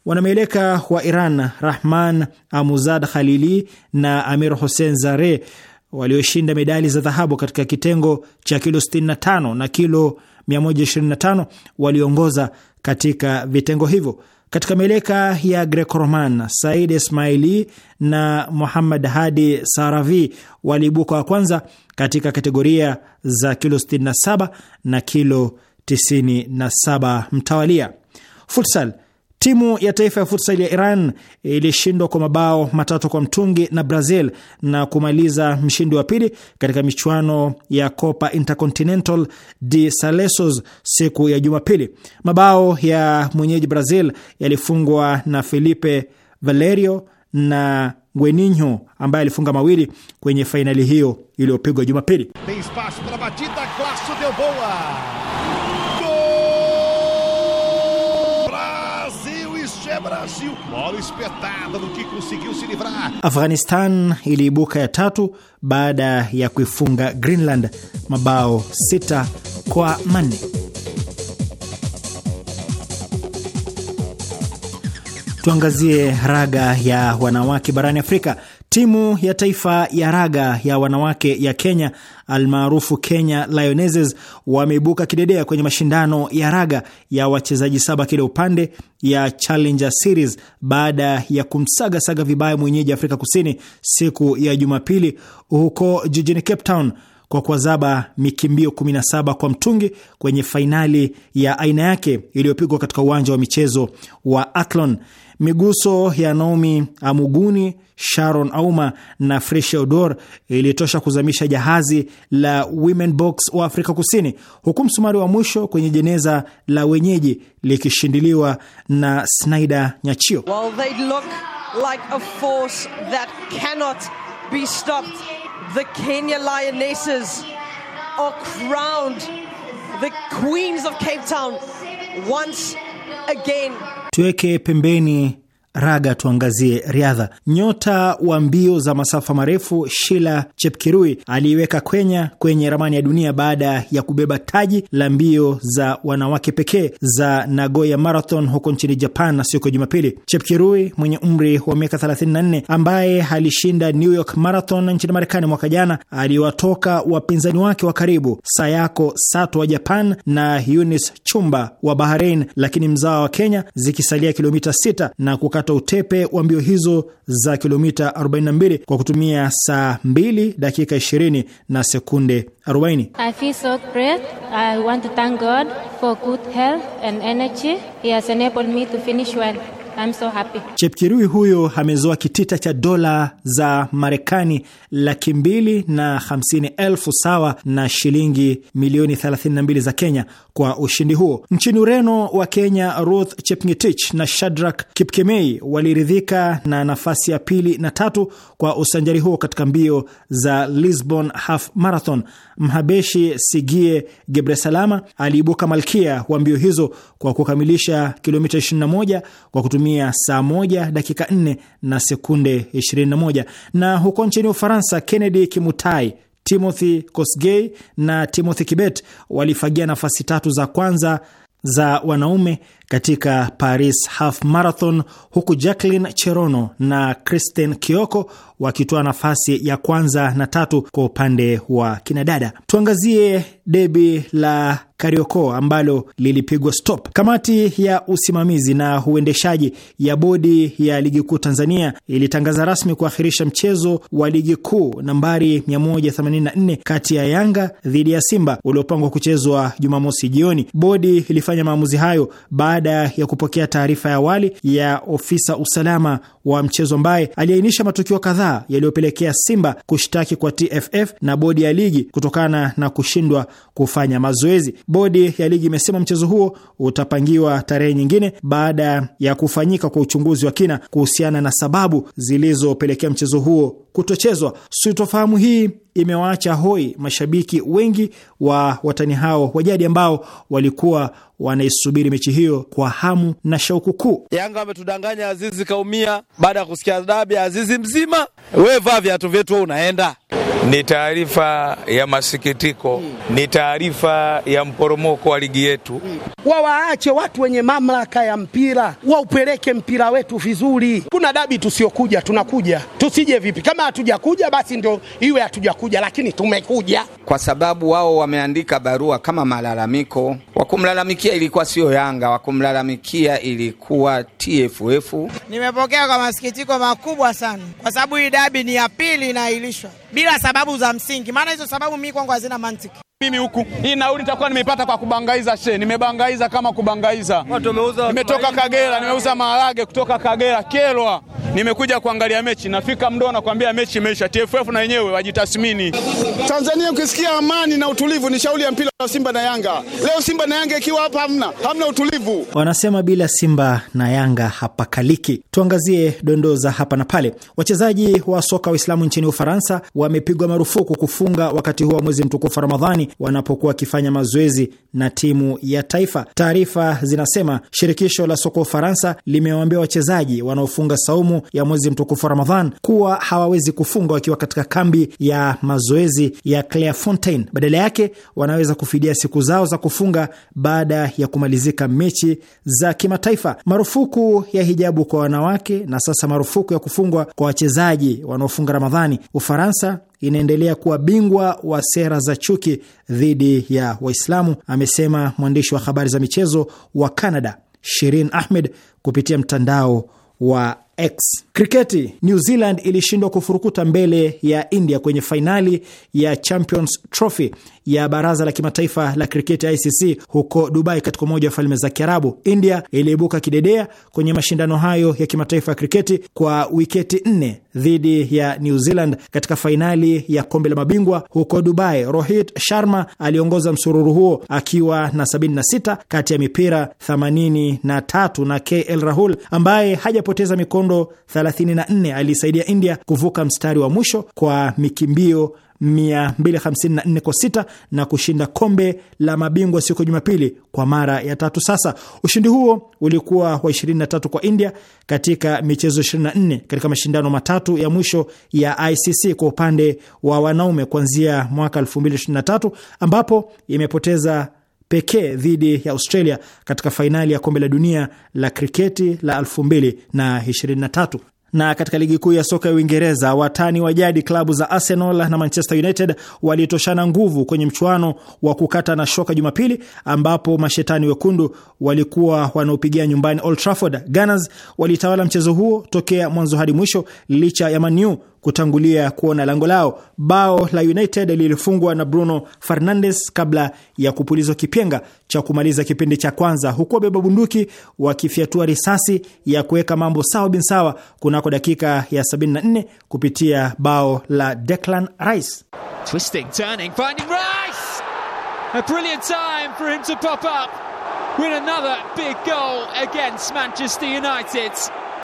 wanameleka wa Iran Rahman Amuzad Khalili na Amir Hossein Zare walioshinda medali za dhahabu katika kitengo cha kilo 65 na kilo 125 waliongoza katika vitengo hivyo. Katika meleka ya Greco-Roman, Said Ismaili na Muhammad Hadi Saravi waliibuka wa kwanza katika kategoria za kilo 67 na kilo 97 mtawalia. Futsal Timu ya taifa ya futsal ya Iran ilishindwa kwa mabao matatu kwa mtungi na Brazil na kumaliza mshindi wa pili katika michuano ya Copa Intercontinental de Salesos siku ya Jumapili. Mabao ya mwenyeji Brazil yalifungwa na Felipe Valerio na Gueninho ambaye alifunga mawili kwenye fainali hiyo iliyopigwa Jumapili. Brasil. Bola espetada do que conseguiu se livrar. Afghanistan iliibuka ya tatu baada ya kuifunga Greenland mabao sita kwa manne. Tuangazie raga ya wanawake barani Afrika. Timu ya taifa ya raga ya wanawake ya Kenya almaarufu Kenya Lionesses wameibuka kidedea kwenye mashindano ya raga ya wachezaji saba kila upande ya Challenger Series baada ya kumsagasaga vibaya mwenyeji Afrika Kusini siku ya Jumapili huko jijini Cape Town kwa kuwazaba mikimbio 17 kwa mtungi kwenye fainali ya aina yake iliyopigwa katika uwanja wa michezo wa Athlone. Miguso ya Naomi Amuguni, Sharon Auma na fresh Odor ilitosha kuzamisha jahazi la Women Box wa Afrika Kusini, huku msumari wa mwisho kwenye jeneza la wenyeji likishindiliwa na Snyder Nyachio. Well, like Tuweke pembeni raga tuangazie riadha. Nyota wa mbio za masafa marefu Shila Chepkirui aliiweka Kenya kwenye ramani ya dunia baada ya kubeba taji la mbio za wanawake pekee za Nagoya Marathon huko nchini Japan na siku ya Jumapili. Chepkirui mwenye umri wa miaka 34 ambaye alishinda New York Marathon nchini Marekani mwaka jana aliwatoka wapinzani wake wa karibu Sayako Sato wa Japan na unis Chumba wa Bahrain, lakini mzawa wa Kenya zikisalia kilomita 6 na kukata kupata utepe wa mbio hizo za kilomita 42 kwa kutumia saa 2 dakika 20 na sekunde 40. I feel so great. I want to thank God for good health and energy. He has enabled me to finish well. I'm so happy. Chepkirui huyo amezoa kitita cha dola za Marekani laki mbili na hamsini elfu sawa na shilingi milioni 32 za Kenya kwa ushindi huo. Nchini Ureno, wa Kenya Ruth Chepngetich na Shadrack Kipkemei waliridhika na nafasi ya pili na tatu kwa usanjari huo katika mbio za Lisbon Half Marathon. Mhabeshi Sigie Gebresalama aliibuka malkia wa mbio hizo kwa kukamilisha kilomita 21 kwa kutumia saa 1 dakika 4 na sekunde 21. Na huko nchini Ufaransa, Kennedy Kimutai Timothy Kosgei na Timothy Kibet walifagia nafasi tatu za kwanza za wanaume katika Paris Half Marathon, huku Jacqueline Cherono na Kristen Kioko wakitoa nafasi ya kwanza na tatu kwa upande wa kinadada. Tuangazie debi la Karioko ambalo lilipigwa stop. Kamati ya usimamizi na uendeshaji ya bodi ya ligi kuu Tanzania ilitangaza rasmi kuakhirisha mchezo wa ligi kuu nambari 184 kati ya Yanga dhidi ya Simba uliopangwa kuchezwa Jumamosi jioni. Bodi ilifanya maamuzi hayo baada ya kupokea taarifa ya awali ya ofisa usalama wa mchezo ambaye aliainisha matukio kadhaa yaliyopelekea Simba kushtaki kwa TFF na bodi ya ligi kutokana na kushindwa kufanya mazoezi. Bodi ya ligi imesema mchezo huo utapangiwa tarehe nyingine baada ya kufanyika kwa uchunguzi wa kina kuhusiana na sababu zilizopelekea mchezo huo kutochezwa. Sitofahamu hii imewaacha hoi mashabiki wengi wa watani hao wa jadi ambao walikuwa wanaisubiri mechi hiyo kwa hamu na shauku kuu. Yanga wametudanganya, Azizi kaumia baada ya kusikia dabi. Azizi mzima, we vaa viatu vyetu, unaenda ni taarifa ya masikitiko, ni taarifa ya mporomoko wa ligi yetu. Wawaache watu wenye mamlaka ya mpira waupeleke mpira wetu vizuri. Kuna dabi tusiokuja, tunakuja tusije vipi? Kama hatujakuja basi ndio iwe hatujakuja, lakini tumekuja kwa sababu wao wameandika barua kama malalamiko. Wakumlalamikia ilikuwa sio Yanga, wakumlalamikia ilikuwa TFF. Nimepokea kwa masikitiko makubwa sana, kwa sababu hii dabi ni ya pili inaahirishwa bila sababu za msingi, maana hizo sababu mimi kwangu hazina mantiki mimi huku hii nauli nitakuwa nimeipata kwa kubangaiza she, nimebangaiza kama kubangaiza. Nimetoka Kagera, nimeuza maharage kutoka Kagera Kelwa, nimekuja kuangalia mechi. Nafika Mdoa nakwambia mechi imeisha. TFF na wenyewe wajitathmini. Tanzania ukisikia amani na utulivu ni shauri ya mpira wa Simba na Yanga. Leo Simba na Yanga ikiwa hapa, hamna hamna utulivu. Wanasema bila Simba na Yanga hapakaliki. Tuangazie dondoo za hapa na pale. Wachezaji wa soka Waislamu nchini Ufaransa wamepigwa marufuku kufunga wakati huo wa mwezi mtukufu Ramadhani wanapokuwa wakifanya mazoezi na timu ya taifa. Taarifa zinasema shirikisho la soka Ufaransa limewaambia wachezaji wanaofunga saumu ya mwezi mtukufu wa Ramadhan kuwa hawawezi kufunga wakiwa katika kambi ya mazoezi ya Clairefontaine. Badala yake wanaweza kufidia siku zao za kufunga baada ya kumalizika mechi za kimataifa. Marufuku ya hijabu kwa wanawake na sasa marufuku ya kufungwa kwa wachezaji wanaofunga Ramadhani. Ufaransa inaendelea kuwa bingwa wa sera za chuki dhidi ya Waislamu, amesema mwandishi wa habari za michezo wa Canada Shirin Ahmed kupitia mtandao wa X. Kriketi, New Zealand ilishindwa kufurukuta mbele ya India kwenye fainali ya Champions Trophy ya baraza la kimataifa la kriketi ICC huko Dubai, katika Umoja wa Falme za Kiarabu. India iliibuka kidedea kwenye mashindano hayo ya kimataifa ya kriketi kwa wiketi nne dhidi ya New Zealand katika fainali ya kombe la mabingwa huko Dubai. Rohit Sharma aliongoza msururu huo akiwa na 76 kati ya mipira 83 na KL Rahul ambaye hajapoteza mikondo 34 aliisaidia India kuvuka mstari wa mwisho kwa mikimbio 254 kwa sita na kushinda kombe la mabingwa siku ya Jumapili kwa mara ya tatu sasa. Ushindi huo ulikuwa wa 23 kwa India katika michezo 24 katika mashindano matatu ya mwisho ya ICC kwa upande wa wanaume kuanzia mwaka 2023 ambapo imepoteza pekee dhidi ya Australia katika fainali ya kombe la dunia la kriketi la 2023 na katika ligi kuu ya soka ya Uingereza, watani wa jadi klabu za Arsenal na Manchester United walitoshana nguvu kwenye mchuano wa kukata na shoka Jumapili, ambapo mashetani wekundu walikuwa wanaopigia nyumbani Old Trafford. Gunners walitawala mchezo huo tokea mwanzo hadi mwisho licha ya Manu kutangulia kuona lango lao. Bao la United lilifungwa na Bruno Fernandes kabla ya kupulizwa kipenga cha kumaliza kipindi cha kwanza, huku wabeba bunduki wakifyatua risasi ya kuweka mambo sawa bin sawa kunako dakika ya 74 kupitia bao la Declan Rice. Twisting, turning, finding Rice! A brilliant time for him to pop up with another big goal against Manchester United.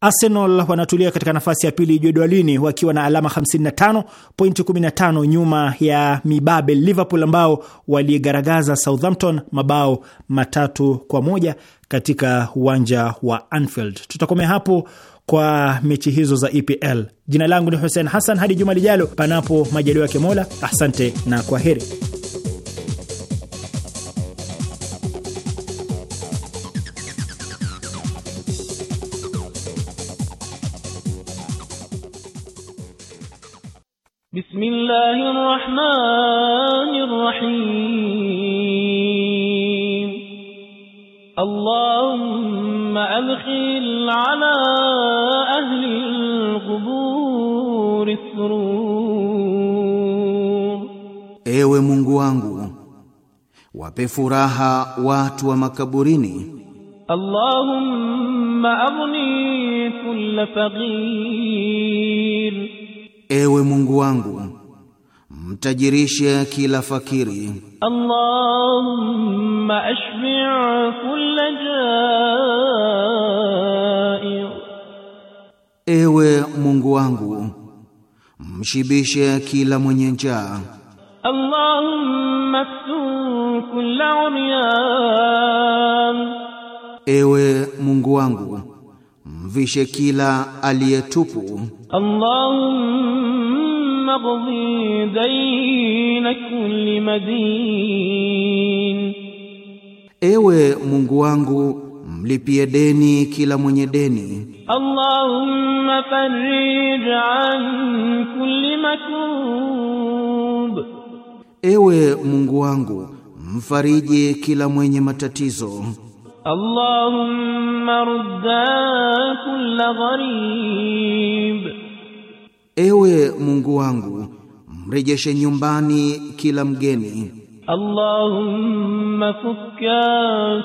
Arsenal wanatulia katika nafasi ya pili jedwalini wakiwa na alama 55 pointi 15 nyuma ya mibabe Liverpool ambao waligaragaza Southampton mabao matatu kwa moja katika uwanja wa Anfield. Tutakomea hapo kwa mechi hizo za EPL. Jina langu ni Hussein Hassan, hadi juma lijalo, panapo majaliwa ya Mola. Asante na kwa heri. بسم الله الرحمن الرحيم اللهم أدخل على أهل القبور السرور ewe mungu wangu wape furaha watu wa makaburini اللهم أغني كل فقير Ewe Mungu wangu, mtajirishe kila fakiri. Allahumma ashbi' kulla ja'i, Ewe Mungu wangu, mshibishe kila mwenye njaa. Allahumma aftu kulla umyan, Ewe Mungu wangu mvishe kila aliyetupu. Allahumma qdi dayna kulli madin, ewe Mungu wangu mlipie deni kila mwenye deni. Allahumma farij an kulli makrub, ewe Mungu wangu mfariji kila mwenye matatizo. اللهم rudda kulla gharib, ewe Mungu wangu mrejeshe nyumbani kila mgeni. Allahumma fukka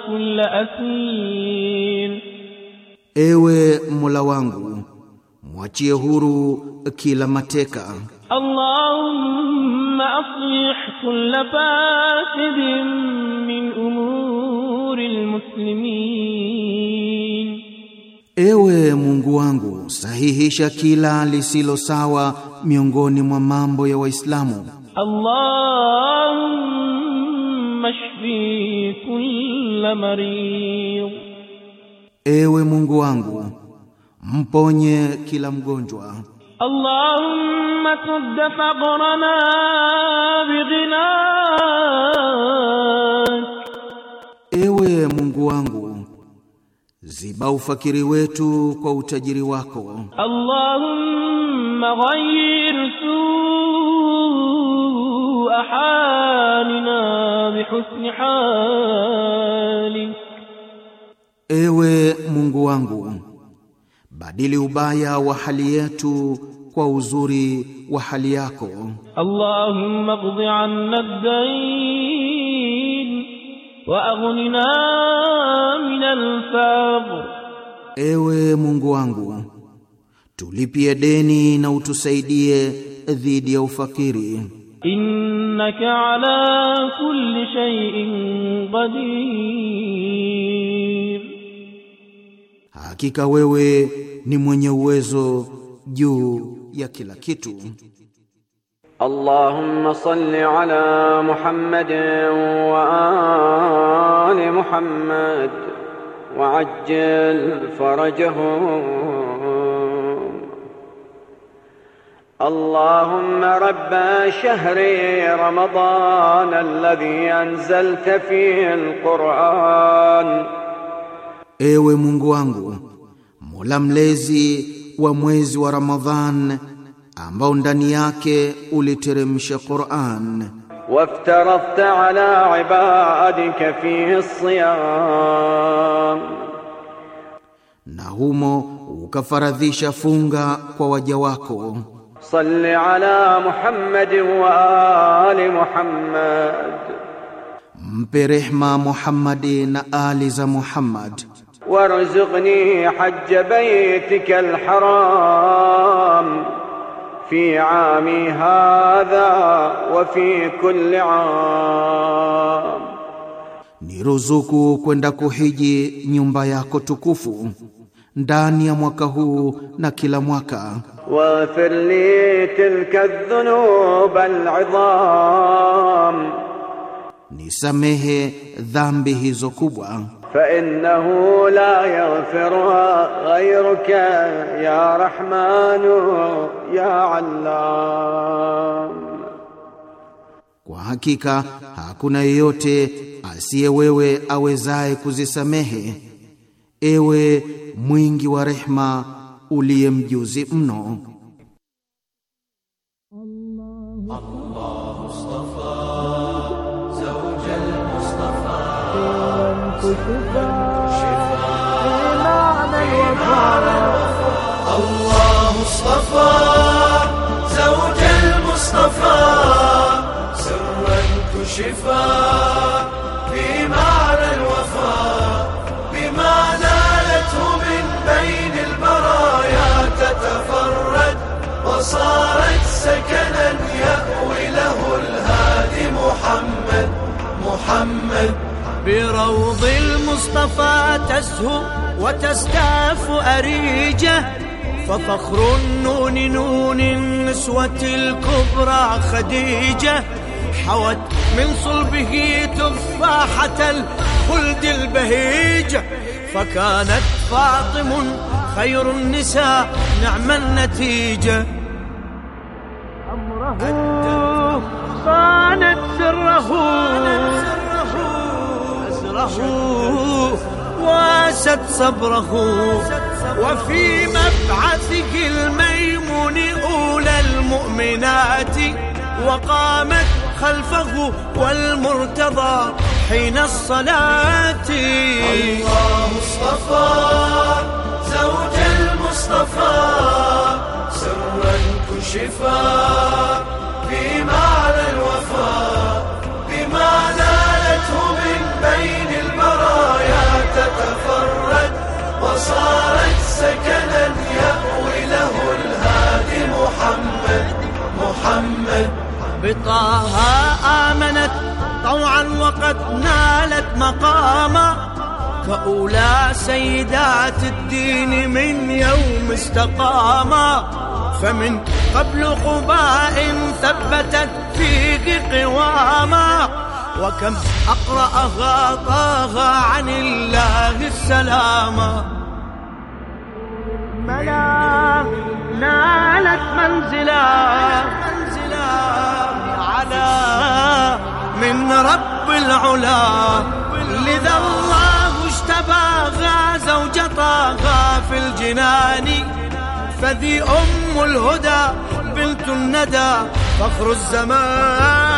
kulla asir, ewe Mola wangu mwachie huru kila mateka. Allahumma aslih kulla fasidin min umur المسلمين Ewe Mungu wangu sahihisha kila lisilo sawa miongoni mwa mambo ya Waislamu Allahumma shfi kulla marid Ewe Mungu wangu mponye kila mgonjwa Allahumma sud faqrana bighina ewe Mungu wangu, ziba ufakiri wetu kwa utajiri wako. Allahumma ghayyir su'a halina bihusni hali, ewe Mungu wangu, badili ubaya wa hali yetu kwa uzuri wa hali yako. Allahumma qdi anna ad-dayn واغننا من الفقر ewe Mungu wangu tulipie deni na utusaidie dhidi ya ufakiri. Innaka ala kulli shay'in qadir, hakika wewe ni mwenye uwezo juu ya kila kitu. اللهم صل على محمد وآل محمد وعجل فرجهم اللهم رب شهر رمضان الذي أنزلت فيه القرآن ايوه mungu wangu ليزي mlezi ورمضان ورمضان ambao ndani yake uliteremsha Qur'an. Waftarafta ala ibadika fi siyam, na humo ukafaradhisha funga kwa waja wako. Salli ala Muhammad wa ali Muhammad, mpe rehma Muhammadi na ali za Muhammad. Warzuqni hajj baytika alharam في عامي هذا وفي كل عام aam, ni ruzuku kwenda kuhiji nyumba yako tukufu ndani ya mwaka huu na kila mwaka. Waghfir li tilka dhunub al'idham, nisamehe dhambi hizo kubwa فإنه لا يغفرها غيرك يا رحمن يا علام Kwa hakika hakuna yeyote asiye wewe awezaye kuzisamehe, ewe mwingi wa rehma, uliye mjuzi mno. في معنى الوفاء الله اصطفى زوج المصطفى سرا في معنى الوفاء بما نالته من بين البرايا تتفرد وصارت سكنا يأوي له الهادي محمد محمد بروض المصطفى تسهو وتستاف أريجة ففخر النون نون النسوة الكبرى خديجة حوت من صلبه تفاحة الخلد البهيجة فكانت فاطم خير النساء نعم النتيجة أمره صانت سره شره واسد صبره وفي مبعثه الميمون أولى المؤمنات وقامت خلفه والمرتضى حين الصلاة الله اصطفى زوج المصطفى سرا كشفا بمعنى الوفاء بما نالته تتفرد وصارت سكنا يأوي له الهادي محمد محمد بطه آمنت طوعا وقد نالت مقاما فأولى سيدات الدين من يوم استقاما فمن قبل قباء ثبتت فيه قواما وكم أقرأها طه عن الله السلامة ملا نالت منزلا على من رب العلا لذا الله اشتباها زوجتها في الجنان فذي أم الهدى بنت الندى فخر الزمان